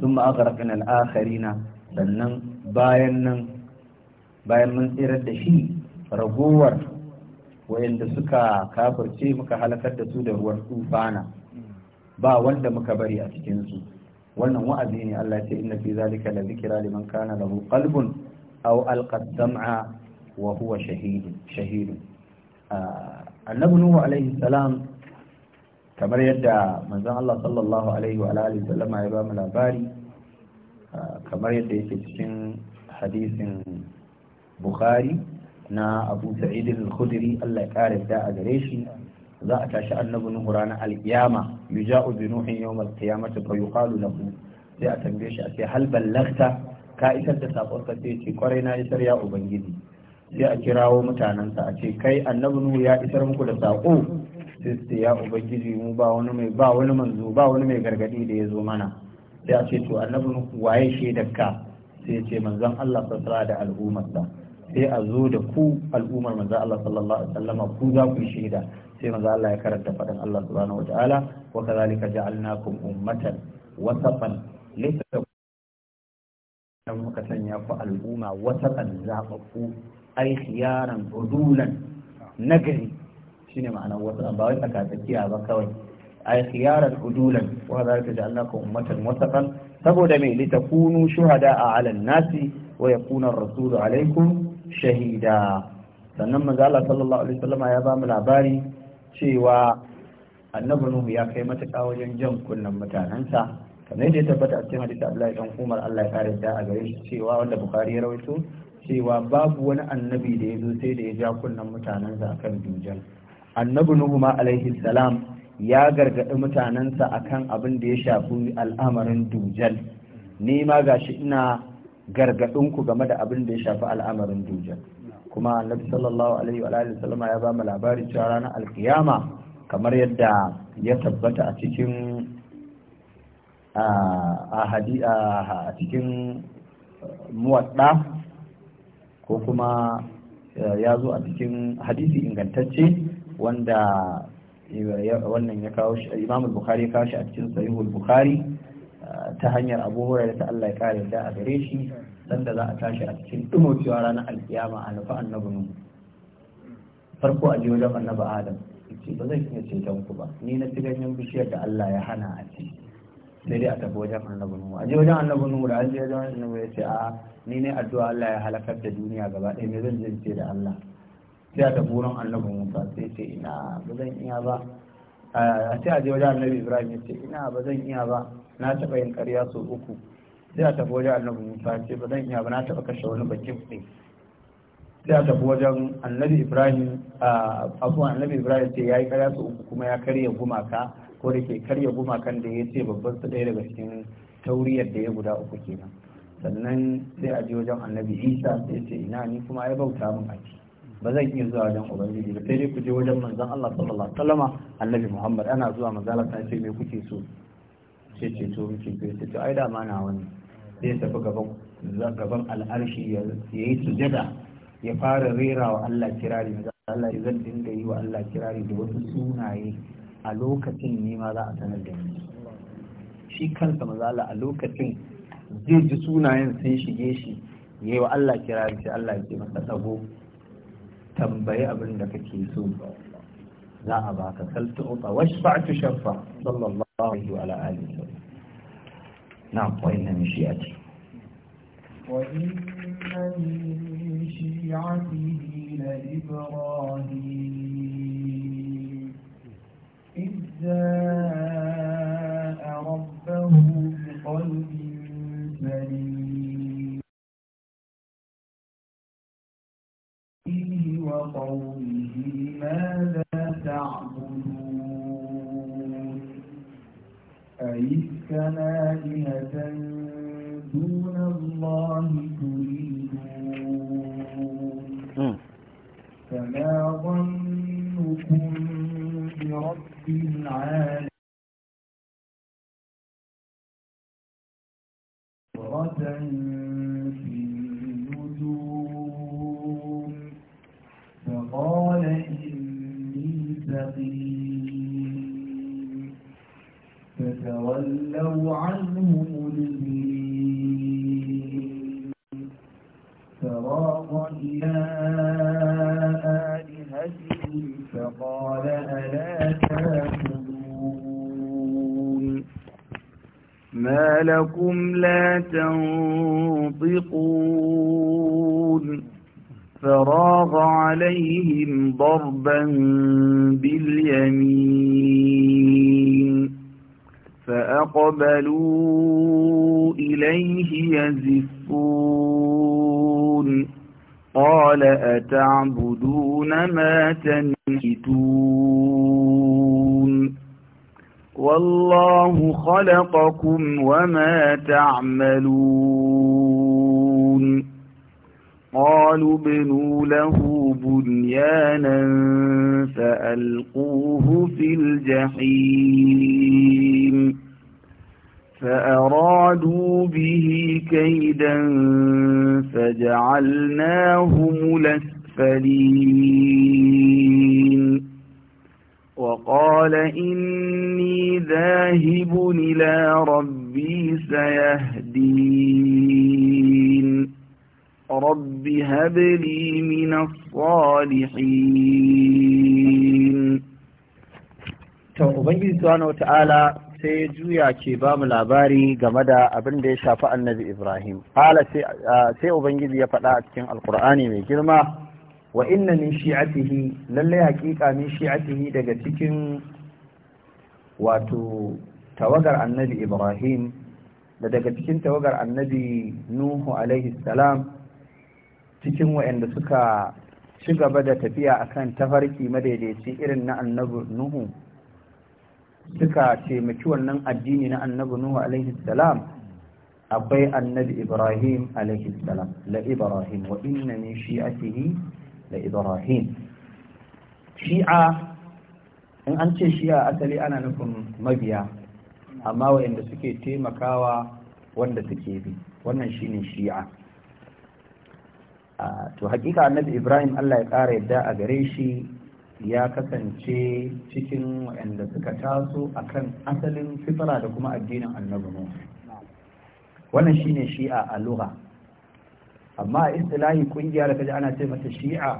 ثم أغرقنا الآخرين sannan bayan nan bayan mun tsirar da shi ragowar wayanda suka kafirce muka halakar da su da ruwan tufana ba wanda muka bari a cikinsu wannan wa'azi ne Allah ce inna fi zalika la zikra liman kana lahu qalbun aw alqa sam'a wa huwa shahid shahid annabi nuhu alaihi salam kamar yadda manzon Allah sallallahu alaihi wa alihi sallama ya ba mu labari kamar yadda yake cikin hadisin Bukhari na Abu Sa'id al-Khudri Allah ya kare da a gare shi za a tashi annabi Nuhu ranar al-qiyama yuja'u bi nuhin yawm al-qiyamati fa yuqalu lahu sai a tambaye shi a ce hal ballaghta ka isar da sakon ka sai ce kwarai na isar ya ubangiji sai a kirawo mutanensa a ce kai annabi Nuhu ya isar muku da sako sai su ya ubangiji mu ba wani mai ba wani manzo ba wani mai gargadi da ya zo mana sai a ce to annabin waye shaidar ka sai ce manzon Allah sallallahu da al'ummarsa sai a zo da ku al'ummar manzon Allah sallallahu alaihi wasallama ku za ku shaida sai manzon Allah ya karanta faɗin Allah subhanahu wataala wa kadhalika ja'alnakum ummatan wasafan laysa dan muka sanya ku al'umma wasafan zaɓaɓɓu ai khiyaran udulan nagari shine ma'anar wasa ba wai tsakatsakiya ba kawai ay khiyaran udulan wa zalika ja'alnakum ummatan wasatan saboda me litakunu shuhada'a 'ala an-nasi wa yakuna ar-rasulu 'alaykum shahida sannan manzo sallallahu alaihi wasallam ya ba mu labari cewa annabi Nuhu ya kai matuƙa wajen jan kunnen mutanansa kamar yadda ya tabbata a cikin hadisi Abdullahi dan Umar Allah ya kare da a gare shi cewa wanda Bukhari ya rawaito cewa babu wani annabi da ya zo sai da ya ja kunnen mutanensa akan dujan annabi nuhu ma alaihi salam ya gargaɗi mutanensa akan abin da ya shafi al'amarin dujal ni ma gashi ina gargaɗin ku game da abin da ya shafi al'amarin dujal kuma annabi sallallahu alaihi wa alihi sallama ya ba mu labari cewa ranar alkiyama kamar yadda ya tabbata a cikin a cikin muwadda ko kuma eh, ya zo a cikin hadisi ingantacce wanda wannan ya kawo shi Imam Bukhari ya kawo shi a cikin al Bukhari ah, ta hanyar Abu Hurairah ta Allah ya kare da a gare shi dan da za a tashi a cikin dumocewa ranar alkiyama a nufa annabi nu farko a je wajen annabi Adam ce ba zai iya ceton ku ba ni na ci ganyen bishiyar da Allah ya hana a ci sai dai a tafi wajen annabi nu a je wajen annabi nu da an je wajen annabi ya ce a ni ne addu'a Allah ya halakar da duniya gaba ɗaya me zan je da Allah sai a tafi wurin annabi musa sai ce ina ba zan iya ba a sai a je wajen annabi ibrahim ya ce ina ba zan iya ba na taɓa yin ƙarya sau uku sai a tafi wajen annabi musa ce ba zan iya ba na taɓa kashe wani bakin ɗin sai a tafi wajen annabi ibrahim abu annabi ibrahim ce ya yi ƙarya sau uku kuma ya karya gumaka ko da ke karya gumakan da ya ce babban su ɗaya daga cikin tauriyar da ya guda uku kenan sannan sai a je wajen annabi isa sai ce ina ni kuma ya bauta min aiki ba zan iya zuwa wajen ubangiji ba sai dai ku je wajen manzon Allah sallallahu alaihi wasallama annabi Muhammad ana zuwa manzala ta ce me kuke so ce ce to muke ce to ai da ma na wani sai tafi gaban gaban al'arshi ya yi sujada ya fara rera wa Allah kirari Allah ya zan dinga yi wa Allah kirari da wasu sunaye a lokacin ne ma za a sanar da ni shi kansa mazala a lokacin zai ji sunayen sun shige shi ya yi wa Allah kirari sai Allah ya ce masa tsago tambayi abin da kake so za a baka kal tu'ta washfa tushaffa sallallahu alaihi wa alihi wa sallam na'am wa inna min shi'ati wa inna min shi'atihi la ibrahim فألقوه في الجحيم فأرادوا به كيدا فجعلناهم لسفلين وقال إني ذاهب إلى ربي سيهدين رب هب لي من الصالحين to ubangiji subhanahu wataala sai ya juya ke ba mu labari game da abin da ya shafi annabi ibrahim hala sai ubangiji ya faɗa a cikin alkur'ani mai girma wa inna min shi'atihi lallai haƙiƙa min shi'atihi daga cikin wato tawagar annabi ibrahim da daga cikin tawagar annabi nuhu alaihi salam cikin waɗanda suka ci gaba da tafiya akan tafarki madaidaici irin na annabi nuhu suka taimaki wannan addini na annabi nuhu alaihi salam akwai annabi ibrahim alaihi salam la ibrahim wa inna min shi'atihi la ibrahim shi'a in an ce shi'a asali ana nufin mabiya amma waɗanda suke taimakawa wanda suke bi wannan shine shi'a to hakika annabi ibrahim allah ya kara yadda a gare shi ya kasance cikin waɗanda suka taso a kan asalin fitara da kuma addinin annabi mu wannan shine shi'a a lugha amma a istilahi kungiya da kaji ana ce mata shi'a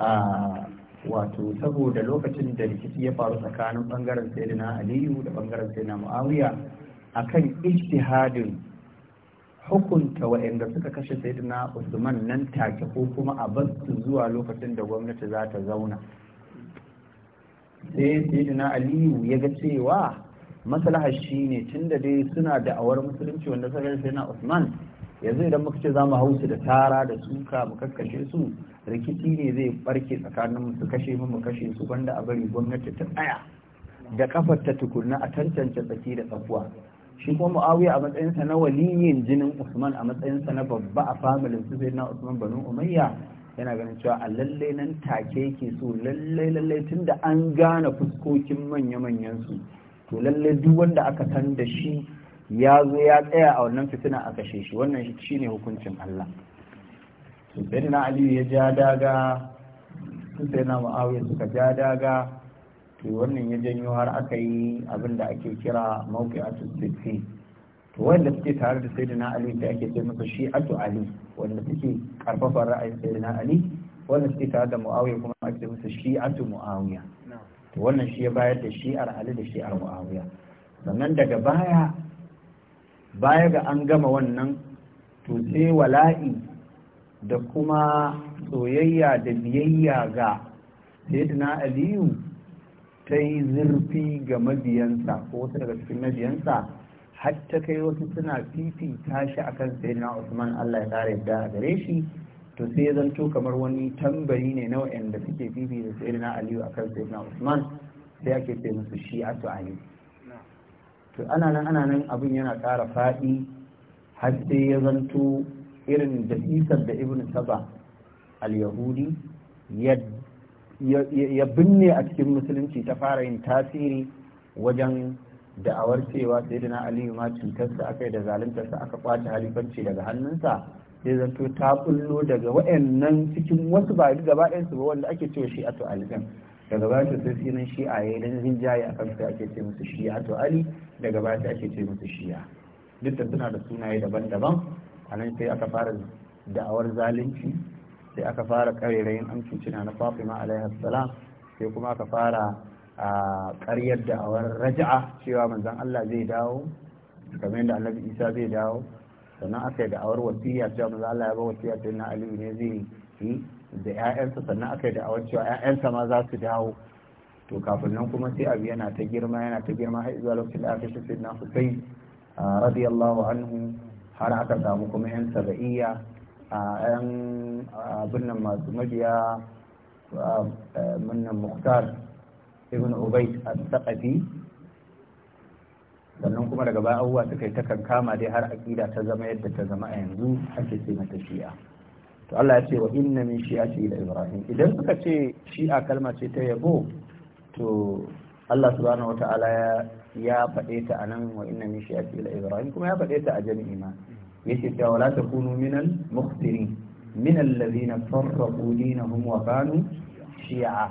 a wato saboda lokacin da rikici ya faru tsakanin bangaren sayyidina aliyu da bangaren sayyidina muawiya akan ijtihadin hukunta waɗanda suka kashe sayyidina usman nan take ko kuma a basu zuwa lokacin da gwamnati za ta zauna sai sayyidina aliyu ya ga cewa maslahar shi ne tun da dai suna da awar musulunci wanda suka kashe sa'idina usman yanzu idan muka ce za mu hausu da tara da suka mu kakkashe su rikici ne zai barke tsakanin su kashe mu kashe su banda a bari gwamnati ta tsaya da kafar ta tukunna a tantance tsaki da tsakuwa shi kuma muawiya a matsayinsa na waliyin jinin usman a matsayinsa na babba a familin su sai na usman banu umayya yana ganin cewa a lalle nan take yake so lalle lalle da an gane fuskokin manya manyan su to lalle duk wanda aka san da shi ya zo ya tsaya a wannan fitina a kashe shi wannan shi ne hukuncin Allah sai na aliyu ya ja daga sai na muawiya suka ja daga to wannan ya janyo har aka yi abin da ake kira mawuƙi a sissi to wanda suke tare da sayyidina ali da ake ce masa shi atu ali wanda suke karfafa ra'ayin sayyidina ali wanda suke tare da muawiya kuma ake masa shi atu muawiya to wannan shi ya bayar da shi ali da shi'ar muawiya sannan daga baya baya ga an gama wannan to sai wala'i da kuma soyayya da biyayya ga sayyidina aliyu ta yi zurfi ga mabiyansa ko wata daga cikin mabiyansa har ta kai wasu suna fifita shi akan na Usman Allah ya kare yadda a gare shi to sai ya zanto kamar wani tambari ne na wa'anda suke fifita na Aliyu akan na Usman sai ake ce musu shi'atu Ali to ana nan ana nan abin yana kara faɗi har sai ya zanto irin da da ibn saba al-yahudi yadda ya binne a cikin musulunci ta fara yin tasiri wajen da'awar cewa sai da na aliyu ma cutarsa aka yi da zaluntarsa aka kwace halifanci daga hannunsa sai zanto ta kullo daga nan cikin wasu ba gaba ɗansu ba wanda ake cewa shi ato ali ɗin daga ba ta sai sinan shi a yayi don rinjaye a kansu ake ce musu shi ato ali daga baya ake ce musu shiya duk da suna da sunaye daban-daban a nan sai aka fara da'awar zalunci sai aka fara karerayin cina na fatima alaihi salam sai kuma aka fara a karyar da awar raja'a cewa manzon Allah zai dawo kamar yadda annabi Isa zai dawo sannan aka yi da awar wasiya cewa manzon Allah ya ba wasiya ta na Aliyu ne zai yi da ƴaƴansa sannan aka yi da awar cewa ƴaƴansa ma za su dawo to kafin nan kuma sai abu yana ta girma yana ta girma har zuwa lokacin da aka shi na Hussein radiyallahu anhu har aka samu kuma yan sabaiya a yan abin nan masu mabiya munnan muktar ibn ubaid al-saqafi sannan kuma daga baya abubuwa suka yi takan kama dai har aƙida ta zama yadda ta zama a yanzu ake ce mata shi'a to Allah ya ce wa inna min shi'ati ila ibrahim idan suka ce shi'a kalma ce ta yabo to Allah subhanahu wata'ala ya faɗe ta anan wa inna min shi'ati ila ibrahim kuma ya faɗe ta a jami'i ma yake cewa la takunu minal mukhtirin minal ladina farraqu dinahum wa kanu shi'a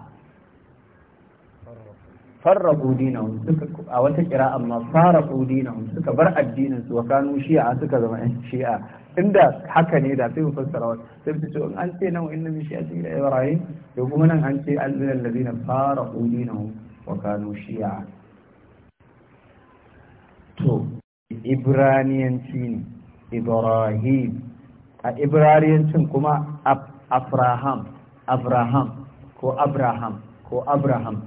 farraqu dinahum suka a wata kira amma farraqu dinahum suka bar addinin su wa kanu shi'a suka zama yan shi'a inda haka ne da sai mu fassara wa sai mu ce an ce nan inna min shi'ati ila ibrahim to kuma nan an ce allal ladina farraqu dinahum wa kanu shi'a to ibraniyanci ne ibrahim a ibrariyancin kuma abraham abraham ko abraham ko abraham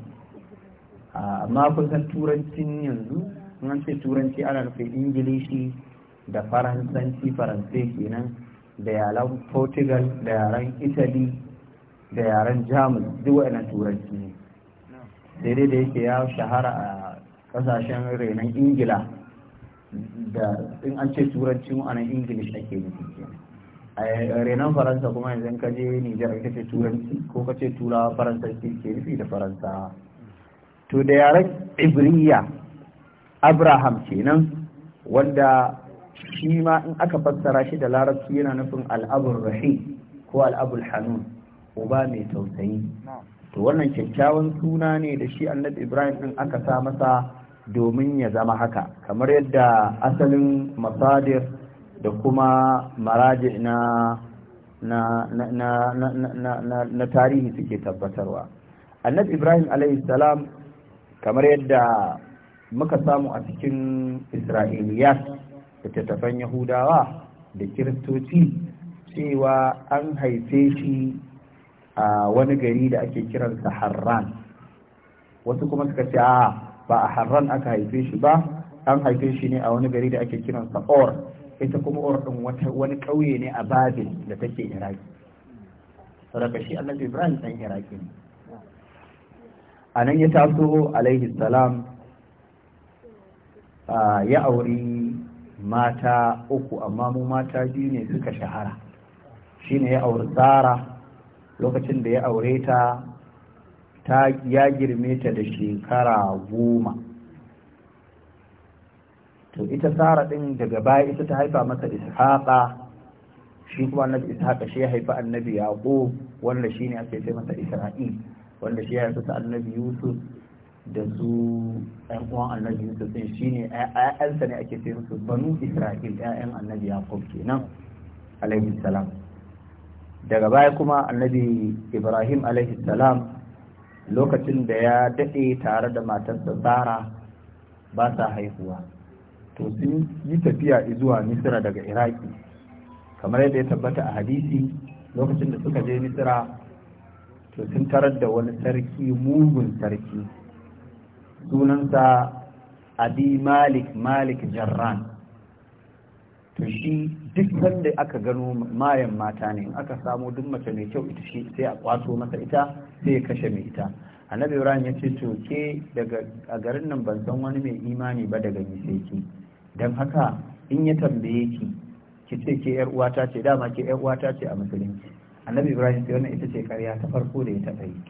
amma kun san turancin yanzu an ce turanci ana nufin ingilishi da faransanci faransai kenan da yaren portugal da yaren italy da yaren jamus duk waɗannan turanci ne sai dai da yake ya shahara a ƙasashen renon ingila da in an ce turanci mu anan ingilish ake nufi a renon faransa kuma yanzu ka je nijar ka ce turanci ko ka ce turawa faransa ke nufi da faransa to da yaren ibriya abraham kenan wanda shi ma in aka fassara shi da larabci yana nufin al'abul rahi ko al'abul hanun uba mai tausayi to wannan kyakkyawan suna ne da shi annabi ibrahim din aka sa masa domin ya zama haka kamar yadda asalin masadir da kuma maraji na na na na na na tarihi suke tabbatarwa annabi ibrahim alayhi salam kamar yadda muka samu a cikin isra'iliyat littattafan yahudawa da kiristoci cewa an haife shi a wani gari da ake kiransa harran wasu kuma suka ce a ba a harran aka haife shi ba an haife shi ne a wani gari da ake kiransa or ita kuma or din wani ƙauye ne a babil da take iraki saboda shi annabi ibrahim dan iraki ne a nan ya taso alaihi salam ya auri mata uku amma mu mata biyu ne suka shahara shine ya auri tsara lokacin da ya aure ta ta ya girme ta da shekara goma to ita sara ɗin daga baya ita ta haifa masa ishaqa shi kuma annabi ishaqa shi ya haifa annabi Yaƙo. wanda shi ne ake sai masa isra'il wanda shi ya haifa ta annabi yusuf da su ɗan uwan annabi yusuf ɗin shi ne ƴaƴansa ne ake sai musu banu isra'il ƴaƴan annabi yaqub kenan alaihi salam daga baya kuma annabi ibrahim alaihi salam lokacin da ya daɗe tare da matarsa tsara ba sa haihuwa to sun yi tafiya zuwa misira daga iraki kamar yadda ya tabbata a hadisi lokacin da suka je misira to sun tarar da wani sarki mugun sarki sunansa abi malik malik jarran to shi duk wanda aka gano mayan mata ne aka samo duk mace mai kyau ita shi sai a kwato masa ita sai ya kashe mai ita annabi ibrahim ya ce to ke daga a garin nan ban san wani mai imani ba daga ni sai ki dan haka in ya tambaye ki ki ce ke yar uwata ce dama ke yar uwata ce a musulunci annabi ibrahim sai wannan ita ce ƙarya ta farko da ya taɓa yi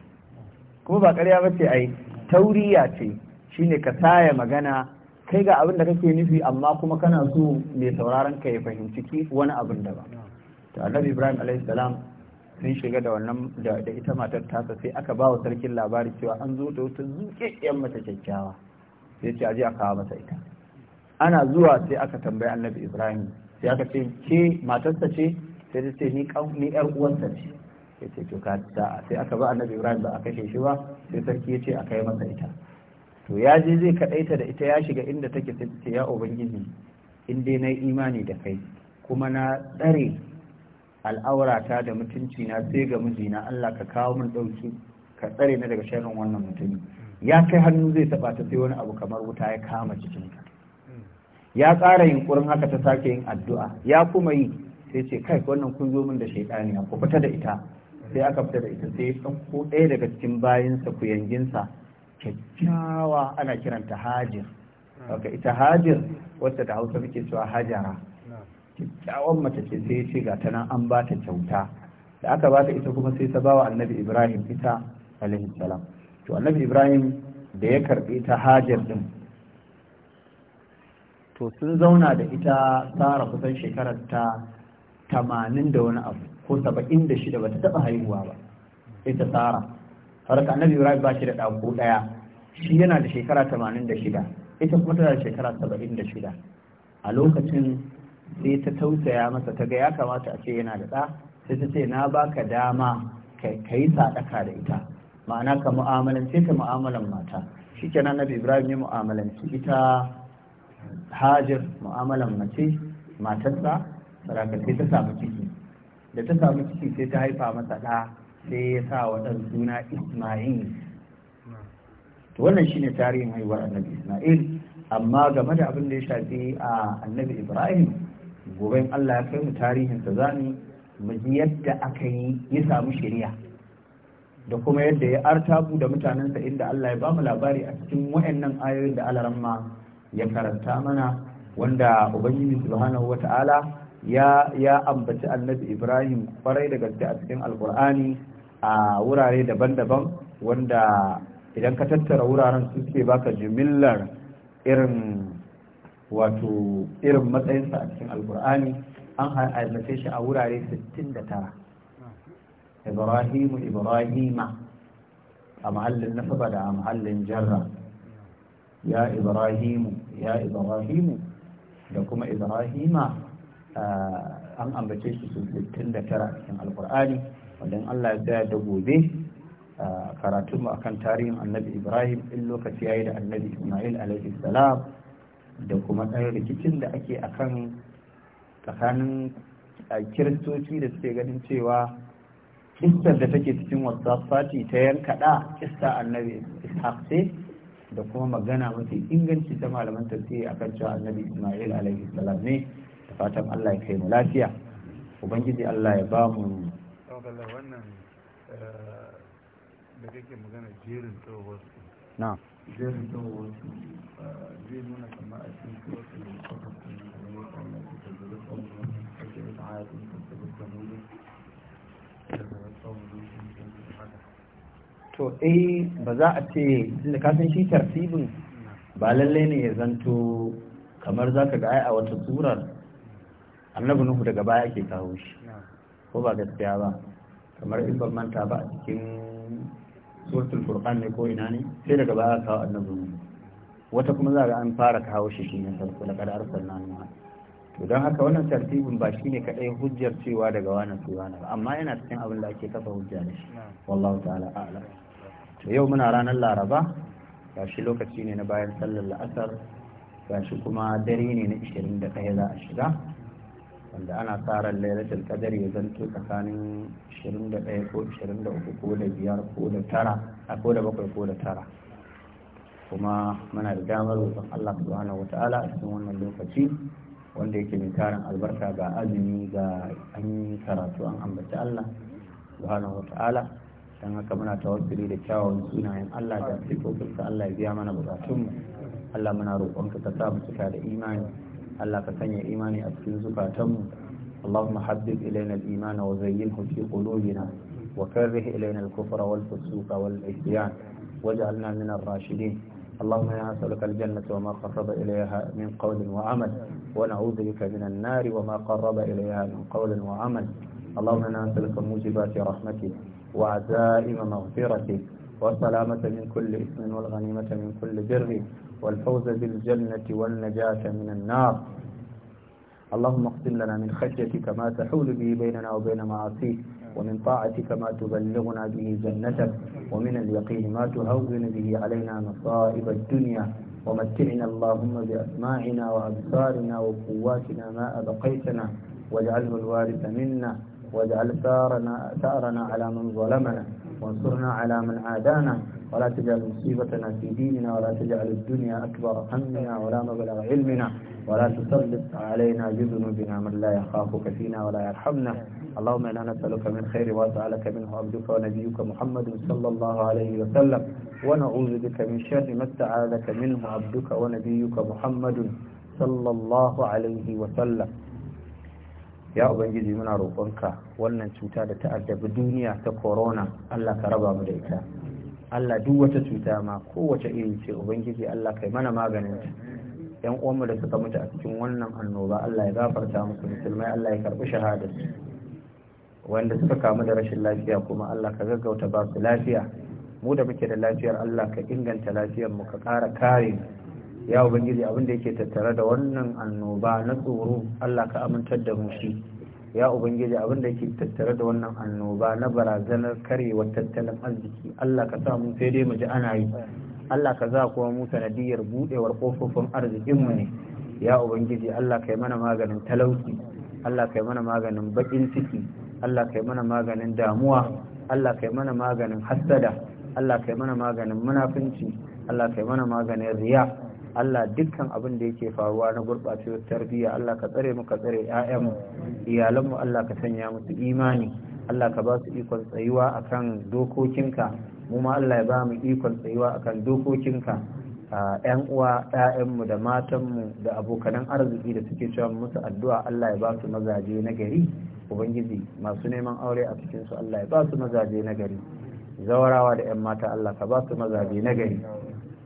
kuma ba karya ba ce ai tauriya ce shine ka saya magana kai ga abin da kake nufi amma kuma kana so mai sauraron ka ya fahimci ki wani abin da ba to annabi ibrahim alayhi salam sun shiga da wannan da ita matar tasa sai aka ba wa sarkin labari cewa an zo da wata yan mata kyakkyawa sai ce aje a kawo mata ita ana zuwa sai aka tambayi annabi ibrahim sai aka ce ke matarsa ce sai ta ce ni yar uwarsa ce ya ce to ka sai aka ba annabi ibrahim ba a kashe shi ba sai sarki ya ce a kai masa ita to ya je zai kaɗaita da ita ya shiga inda take sai ce ya ubangiji in dai na imani da kai kuma na tsare al'aurata da mutunci na sai ga mijina Allah ka kawo min ɗauki ka tsare na daga sharrin wannan mutumi ya kai hannu zai taɓa ta sai wani abu kamar wuta ya kama jikinka ya ƙara yunƙurin haka ta sake yin addu'a ya kuma yi sai ce kai wannan kun zo min da shaidani ku fita da ita sai aka fita da ita sai ya ko ɗaya daga cikin bayinsa ku yanginsa kyakkyawa ana kiranta hajir haka ita hajir wacce da hausa muke cewa hajara kyakkyawan mace ce sai ce ga ta nan an ba ta kyauta da aka ba ta ita kuma sai ta bawa annabi ibrahim ita alaihi salam to annabi ibrahim da ya karbi ta hajar din to sun zauna da ita tsara kusan shekarar ta tamanin da wani abu ko saba'in da shida ba ta taɓa haihuwa ba ita tsara saboda annabi ibrahim ba shi da ɗaku ɗaya shi yana da shekara tamanin da shida ita kuma tana da shekara saba'in da shida a lokacin sai ta tausaya masa ta ga ya kamata a ce yana da ɗa sai ta ce na baka dama ka yi sadaka da ita ma'ana ka mu'amalance ta mu'amalan mata shi shikenan annabi ibrahim ya mu'amalanci ita Hajar mu'amalan mace matarsa saraka sai ta samu ciki da ta samu ciki sai ta haifa masa ɗa sai ya sa wa ɗan suna Ismail to wannan shine tarihin haihuwar annabi Ismail amma game da abin da ya shafi a annabi Ibrahim gobe in Allah ya kai mu tarihin sa zani mu ji yadda aka yi ya samu shari'a da kuma yadda ya artabu da mutanensa inda Allah ya bamu labari a cikin wayannan ayoyin da alaramma ya karanta mana wanda ubangiji subhanahu wata'ala ya ya ambaci annabi Ibrahim kwarai da gaske a cikin alkur'ani a wurare daban-daban wanda idan ka tattara wuraren suke baka jimillar irin wato irin matsayinsa a cikin alkur'ani an halarce shi a wurare 69 ibrahimu ibrahima a mahallin nasaba da a mahallin jarra ya ibrahimu ya ibrahimu da kuma ibrahima an ambace shi su 69 a cikin alkur'ani wadan Allah ya da gobe a karatun mu akan tarihin annabi ibrahim in lokaci yayi da annabi ismail alaihi salam da kuma ɗan rikicin da ake kan tsakanin kiristoci da suke ganin cewa kistar da take cikin whatsapp party ta yankaɗa kista annabi ishaq ce da kuma magana mafi inganci ta malaman tafsiri akan cewa annabi ismail alaihi salam ne da fatan allah ya kai mu lafiya ubangiji allah ya ba mu wannan da kake magana jerin tsohuwar su na jerin tsohuwar su zai nuna kama a cikin da su da kwakwar su da wani kwanar su da zaba tsohuwar su da jerin ayatun su da zaba tsohuwar su da zaba tsohuwar su to eh ba za a ce tunda ka san shi tartibin ba lalle ne ya zanto kamar za ka ga a wata surar annabi nuhu daga baya ake kawo shi ko ba gaskiya ba kamar in ban manta ba a cikin suratul furqan ne ko ina ne sai daga baya kawo annabi wata kuma za ga an fara kawo shi shi ne sarki da kadar sannan ma to don haka wannan tartibin ba shine kadai hujjar cewa daga wani sura ba amma yana cikin abin da ake kafa hujja da shi wallahu ta'ala a'la to yau muna ranar laraba shi lokaci ne na bayan sallar la'asar shi kuma dare ne na 21 za a shiga wanda ana tsara lailatul qadar ya zanto tsakanin 21 ko 23 ko da biyar ko da tara a ko da bakwai ko da tara kuma muna da damar wutan Allah subhanahu wata'ala a cikin wannan lokaci wanda yake mai tarin albarka ga azumi ga an yi karatu an ambaci Allah subhanahu wata'ala don haka muna tawassuli da kyawawan sunayen Allah da sifofinsa Allah ya biya mana bukatunmu Allah muna roƙonka ka sa mu cika da imani Allah ka sanya imani a cikin zukatanmu Allahumma الإيمان وزينه al-iman wa zayyinhu fi qulubina wa karrih من al isyan waj'alna min ar-rashidin اللهم يا نسألك الجنة وما قرب إليها من قول وعمل ونعوذ بك من النار وما قرب إليها من قول وعمل اللهم يا نسألك موجبات رحمتك وعزائم مغفرتك والسلامة من كل إثم والغنيمة من كل بر والفوز بالجنة والنجاة من النار اللهم اقسم لنا من خشيتك ما تحول به بيننا وبين معاصيك ومن طاعتك ما تبلغنا به جنتك ومن اليقين ما تهون به علينا مصائب الدنيا ومتعنا اللهم بأسماعنا وأبصارنا وقواتنا ما أبقيتنا واجعله الوارث منا واجعل ثارنا, ثارنا على من ظلمنا وانصرنا على من عادانا ولا تجعل مصيبتنا في ديننا ولا تجعل الدنيا أكبر همنا ولا مبلغ علمنا ولا تسلط علينا بذنوبنا من لا يخافك فينا ولا يرحمنا اللهم إنا نسألك من خير وأسألك منه عبدك ونبيك محمد صلى الله عليه وسلم ونعوذ بك من شر ما استعاذك منه عبدك ونبيك محمد صلى الله عليه وسلم ya ubangiji muna roƙonka wannan cuta da ta addabi duniya ta corona Allah ka raba mu da ita Allah duk wata cuta ma kowace iri ce ubangiji Allah kai mana maganin ta yan uwanmu da suka mutu a cikin wannan annoba Allah ya gafarta musu musulmai Allah ya karɓi shahadarsu wanda suka kamu da rashin lafiya kuma Allah ka gaggauta ba su lafiya mu da muke da lafiyar Allah ka inganta lafiyar mu ka ƙara kare ya ubangiji abin da yake tattare da wannan annoba na tsoro Allah ka amintar da mu shi ya ubangiji abin da ke tattare da wannan annoba na barazanar karewar tattalin arziki Allah ka sa mu sai dai mu ji ana yi Allah ka za kuma mu sanadiyar budewar kofofin arzikinmu ne ya ubangiji Allah kai mana maganin talauci Allah kai mana maganin bakin ciki Allah kai mana maganin damuwa Allah kai mana maganin hassada Allah kai mana maganin munafunci Allah kai mana maganin riya Allah dukkan abin da yake faruwa na gurɓacewar tarbiyya Allah ka tsare mu ka tsare ƴaƴanmu iyalanmu Allah ka sanya musu imani Allah ka ba su ikon tsayuwa akan dokokinka mu ma Allah ya ba mu ikon tsayuwa akan dokokinka ‘yan uwa ‘ya'yanmu da matanmu da abokanan arziki da suke cewa musu addu'a Allah ya ba su mazaje na gari ubangiji masu neman aure a cikinsu Allah ya ba su mazaje na gari zawarawa da ‘yan mata Allah ka ba su mazaje na gari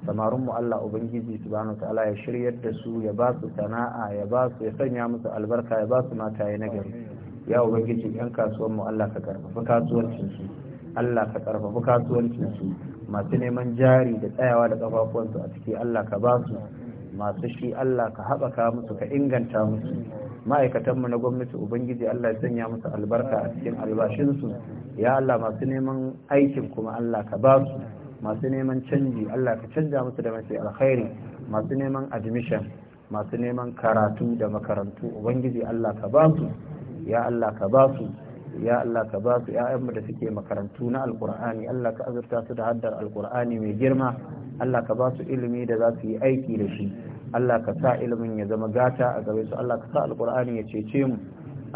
samarin mu Allah ubangiji subhanahu ta'ala ya shiryar da su ya ba su sana'a ya ba su ya sanya musu albarka ya ba su mata ya nagari ya ubangiji yan kasuwan mu Allah ka karfafa kasuwancin su Allah ka karfafa kasuwancin su masu neman jari da tsayawa da su a ciki Allah ka ba su masu shi Allah ka haɓaka musu ka inganta musu mu na gwamnati ubangiji Allah ya sanya musu albarka a cikin albashinsu ya Allah masu neman aikin kuma Allah ka ba su masu neman canji Allah ka canja musu da mafi alkhairi masu neman admission masu neman karatu da makarantu ubangiji Allah ka ba su ya Allah ka ba su ya Allah ka ba su ‘ya'yanmu da suke makarantu na alkur'ani Allah ka azurta su da haddar alkur'ani mai girma Allah ka ba su ilimi da za su yi aiki da shi Allah ka sa ilimin ya zama gata a gare su Allah ka sa alkur'ani ya cece mu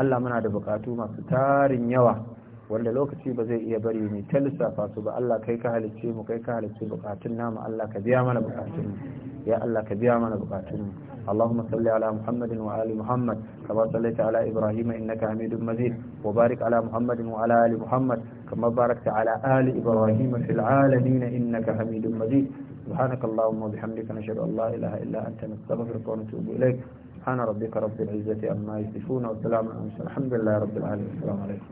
Allah muna da bukatu masu tarin yawa wanda lokaci ba zai iya bari mai ta lissafa su ba Allah kai ka halicce mu kai ka halicce bukatun namu Allah ka biya mana bukatun mu ya Allah ka biya mana bukatun mu اللهم صل على محمد وآل محمد كما صليت على إبراهيم إنك حميد مجيد وبارك على محمد وعلى آل محمد كما باركت على آل إبراهيم في العالمين إنك حميد مجيد سبحانك اللهم وبحمدك نشهد أن لا إله إلا أنت نستغفرك ونتوب إليك سبحان ربك رب العزة أما يصفون وسلام على الحمد لله رب العالمين السلام عليكم